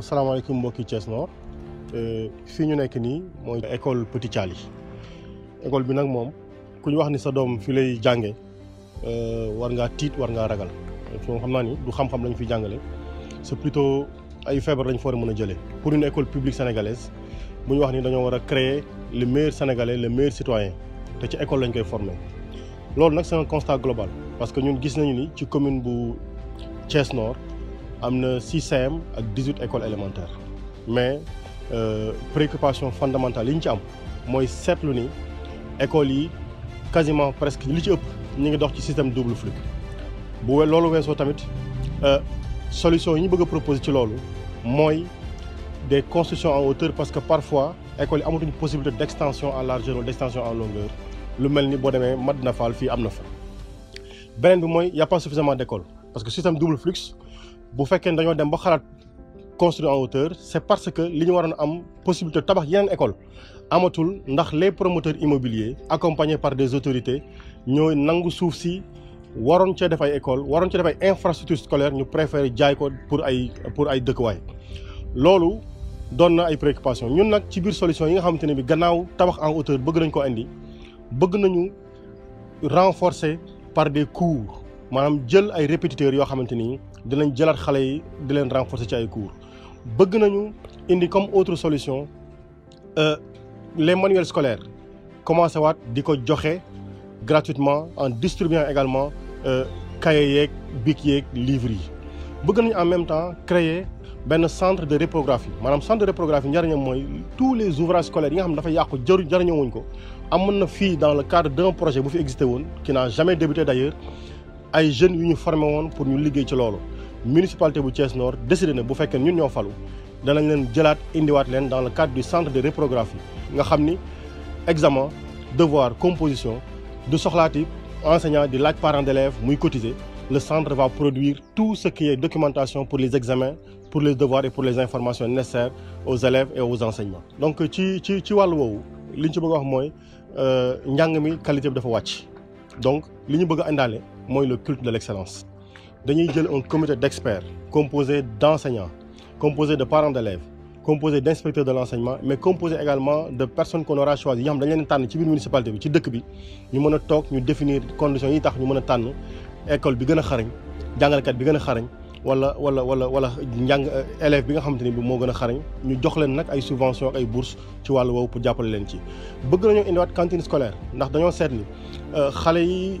waaw salaamaaleykum mbokki Thiès Nord eh, fii ñu nekk nii mooy école Petit Thialy école bi nag moom ku ñu wax ni sa doom fi lay jànge eh, war ngaa tiit war ngaa ragal moom xam naa ni du xam-xam lañ fi jàngale sa plutôt ay feebar war a mën a jëlee pour une école publique sénégalaise bu ñu wax ni dañoo war a créer le meilleur sénégalais le meilleur citoyen te ci école lañ koy former loolu nag c'est un constat global parce que ñun gis nañu ni ci commune bu Thiès Nord il 6 a CM ak 18 écoles élémentaires mais euh, préoccupation fondamentale c'est que ci am écoles yi quasiment presque li ci ëpp ngi dox système double flux bu loolu weesoo tamit euh, solution yi ñu bëgg proposer ci lolu des constructions en hauteur parce que parfois écoles ont une possibilité d'extension en largeur ou d'extension en longueur lu melni bo démé madna fal fi amna fa y' a pas suffisamment d'écoles parce que système double flux bu fekkee construire en hauteur c'est parce que li ñu am possibilité tabax yeneen école amatul ndax les promoteurs immobiliers accompagnés par des autorités ñooy nangu suuf si des école scolaire ñu pour ay pour ay préoccupation ñun ci solution yi nga en hauteur bëgg nañ renforcer par des cours manam jël ay répétiteurs yo xamanteni dinañ jëlaat xalé yi di len renforcer ci ay cours bëgg nañu indi comme autre solution euh, les manuels scolaires commencer wat diko joxé gratuitement en distribuant également euh, cahiers yeeg bic yeeg livres yi. bëgg nañu en même temps créer ben centre de reprographie manam centre de reprographie njëriñam moy tous les ouvrages scolaires yi nga xam ne dafa yàqu jëru jëriñoo wuñ ko amna fi dans le cadre d'un projet bu fi existé woon qui n'a jamais débuté d'ailleurs ay jeunes yu ñu formé won pour ñu liggéey ci loolu municipalité bu Thiès Nord décidé na bu fekké ñun Nous falu lañ leen jëlaat waat leen dans le cadre du centre de reprographie nga xamni examen devoir composition du soxlaati enseignant di laaj parents d'élèves muy cotisé le centre va produire tout ce qui est documentation pour les examens pour les devoirs et pour les informations nécessaires aux élèves et aux enseignants. donc ci ci ci walu woowu liñ Nous ci bëgg a wax mooy euh, njàng mi qualité dafa wacc donc liñu bëgg andalé moi, le culte de l'excellence dañuy jël un comité d'experts composé d'enseignants composé de parents d'élèves composé d'inspecteurs de l'enseignement mais composé également de personnes qu'on aura choisies yoo xam dañ leen tànn ci biir municipalité bi ci dëkk bi ñu nous a toog ñu définir conditions yi tax ñu mën a école bi gën a xarañ jàngalkat bi gën a wala wala wala wala jang euh, élève bi nga xamanteni ni bi moo xarañ ñu jox leen nak ay subvention ay bourse ci walu woowu pour jàppale leen ci bëgg indi wat cantine scolaire ndax dañoo seetli euh, xalé yi